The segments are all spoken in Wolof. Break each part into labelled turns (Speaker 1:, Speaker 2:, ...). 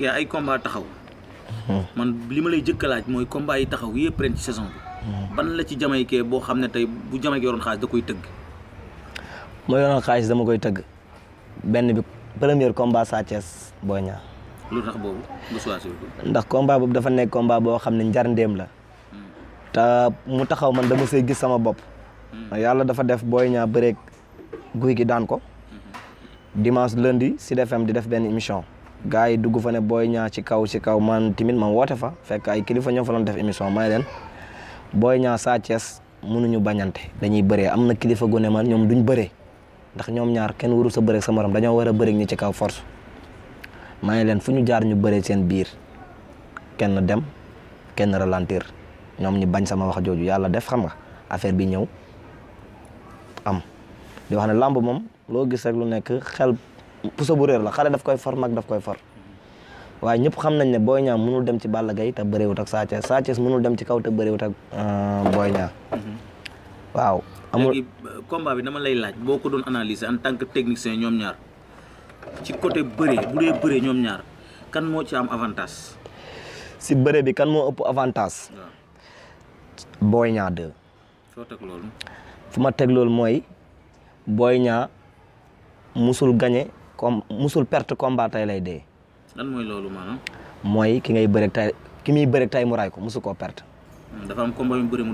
Speaker 1: yaa ay combat taxaw man li ma lay jëkk mooy combat yi taxaw yëpp ren ci saison bi ban la ci jamaykee boo xam ne tey bu jamaykee yoroon xaalis da koy tëgg
Speaker 2: ma yoroon xaalis dama koy tëgg benn bi premier combat Sa Thiès Boy
Speaker 1: boobu ndax
Speaker 2: combat boobu dafa nekk combat boo xam ne njar ndéem la te mu taxaw man dama see gis sama bopp yàlla dafa def booy ñaa bëreeg guy gi daan ko dimanche lundi Sud FM di def benn émission gars yi dugg fa ne booy ñaa ci kaw ci kaw man timit man woote fa fekk ay kilifa ñoo fa doon def émission may leen booy ñaa Sa Thiès mënuñu bañante dañuy bëree am na kilifa gu ne man ñoom duñ bëree ndax ñoom ñaar kenn waru sa bëreeg sa morom dañoo war a bëreeg ñi ci kaw force may leen fu ñu jaar ñu bëree seen biir kenn dem kenn ralentir ñoom ñu bañ sama wax jooju yàlla def xam nga affaire bi ñëw am di wax ne làmb moom loo gis rek lu nekk xel puso bu réer la xale daf koy for mag daf koy far waaye ñëpp xam nañ ne Boy Niang mënul dem ci Balla Gaye te bëriwut ak Sa Thiès Sa Thiès mënul dem ci kaw te bëriwut ak euh, mhm.
Speaker 1: bi dama lay laaj boo ko doon analyser en tant que technicien ñoom ñaar ci côté bëree bu dee bëree ñoom ñaar kan moo ci am avantage
Speaker 2: si bëre bi kan moo ëpp avantage Boy Niang 2 loolu fu ma teg loolu mooy booy Niang mosul gañe comme musul perte combat tay lay dee. mooy loolu mooy ki ngay bëreeg tay ki muy bëreeg tay mu raay ko musu koo perte.
Speaker 1: dafa am combat yu bëri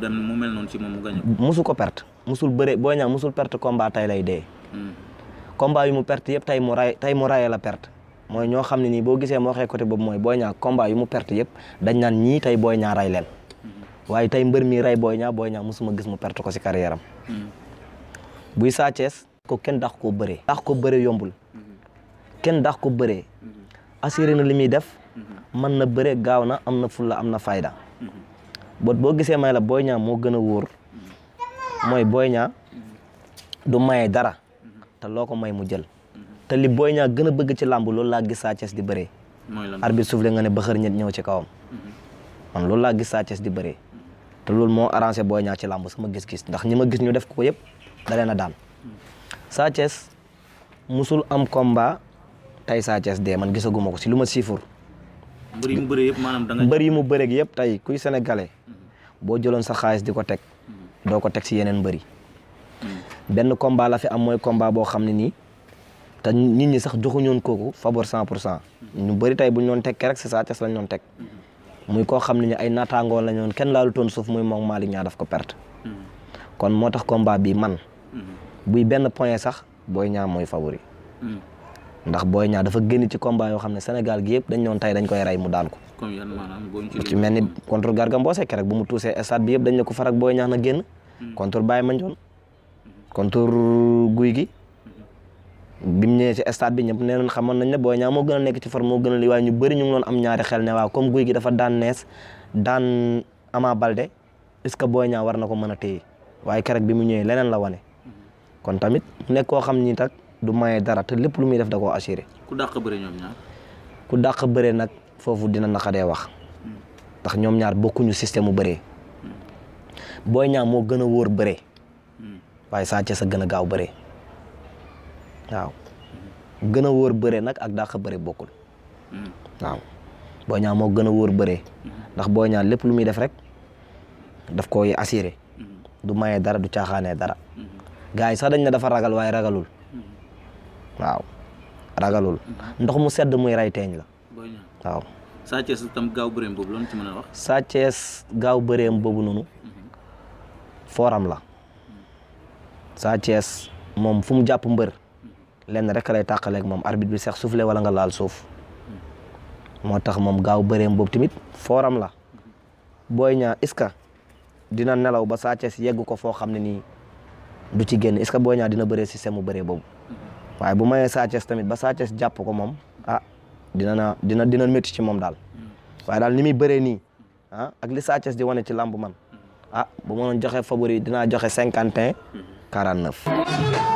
Speaker 2: musul bëre boo ñaaw musul perte combat tay lay dee. combat yu mu perte yëpp tay mu raay tay mu raayee la perte. mooy ñoo xam ne nii boo gisee moo waxee côté boobu mooy booy ñaa combat yu mu perte yëpp dañ naan ñii tey booy ñaa ray leen hmm. waaye tey mbër mi ray booy ñaa booy ñaa ma gis mu perte ko si carrière hmm. buy Sa ko kenn dax koo bëree dax ko bëree yombul kenn dax ko bëree assuré na li muy def man na bëree gaaw na am na fulla am na fayda bot boo gisee may la booy ñaa moo gën a wóor mooy booy ñaa du maye dara te loo ko may mu jël te li Boy Niang gën a bëgg ci làmb loolu laa gis Sa Thiès di bëree arbitre soufflé nga ne ba xër ñet ñëw ci kawam man loolu laa gis Sa Thiès di te loolu moo arrangé Boy Niang ci làmb sama gis-gis ndax ñi ma gis ñu def ko yëpp da na a daan Sa musul am combat tey Sa Thiès dee man gisaguma ko si lu ma siifur. bëri yi mu bëree yëpp maanaam tey kuy senegale boo jëloon sa xaalis di ko teg doo ko teg si yeneen mbëri benn combat la fi am mooy combat boo xam ne nii te nit ñi sax joxuñoon kooku favor cent pour cent ñu bëri tey bu ñu doon teg rek si Sa Thiès lañ doon teg muy koo xam ne ñu ay naataangoo la ñoon kenn laalu toon suuf muy moom Malick ñaa daf ko perte kon moo tax combat bi man buy benn point sax booy ñaa mooy favori ndax booy Niang dafa génn ci combat yoo xam ne senegal gi yëpp dañ ñoon tey dañ koy rey mu daan
Speaker 1: ko ci mel ni
Speaker 2: contre Garga Mbossé rek bu mu tuusee stade bi yëpp dañ ne ko farak Boy Niang na génn hmm. contre Baye Mandione contre Guy gi hmm. bi mu ñëwee ci stade bi ñëpp nee nañ xamoon nañ ne Boy Niang moo gën a nekk ci forme moo gën a li waaye ñu bëri ñu ngi xel ne waaw comme Guy gi dafa daan nees daan Ama Baldé est-ce que Boy Niang war na ko mën a téye waaye keroog bi mu ñëwee leneen la wane hmm. kon tamit nekk koo xam ni tak du maye dara te lépp lu muy def da koo assuré.
Speaker 1: ku dàq bëre ñoom ñaar.
Speaker 2: ku dàq bëre nag foofu dina naqadee wax hmm. ndax ñoom ñaar bokkuñu système mu bëree hmm. booy ñaar moo gën a wóor bëree hmm. waaye saa sa gën a gaaw bëree waaw gën a wóor bëree nag ak dàq bëree bokkul waaw booy moo gën a wóor bëree ndax booy ñaar lépp lu muy def rek daf koy assuré du maye dara du caaxaanee dara gars yi sax dañ ne dafa ragal waaye ragalul. waaw ragalul ndox mu sedd muy rey teeñ la waaw.
Speaker 1: Sa gaaw bëreem boobu la
Speaker 2: ci gaaw bëreem boobu noonu mhm. fooram la Sa moom fu mu jàpp mbër mhm. lenn rek lay tàqaleeg moom arbitre bi seex soufflé wala nga laal suuf mhm. moo tax moom gaaw bëreem boobu tamit fooram la booy Niang est-ce que dina nelaw ba Sa Thiès yegg ko foo xam ne nii du ci génn est-ce que Boy Niang dina bëree système mu bëree boobu. waaye bu mayee Sa Thiès tamit ba Sa Thiès jàpp ko moom ah dina na dina dina métti ci moom daal mm. waaye daal ni muy bëree nii ah ak li Sa Thiès di wane ci làmb man mm. ah bu ma doon joxe favori dinaa joxe cinquante et un mm.
Speaker 3: quarante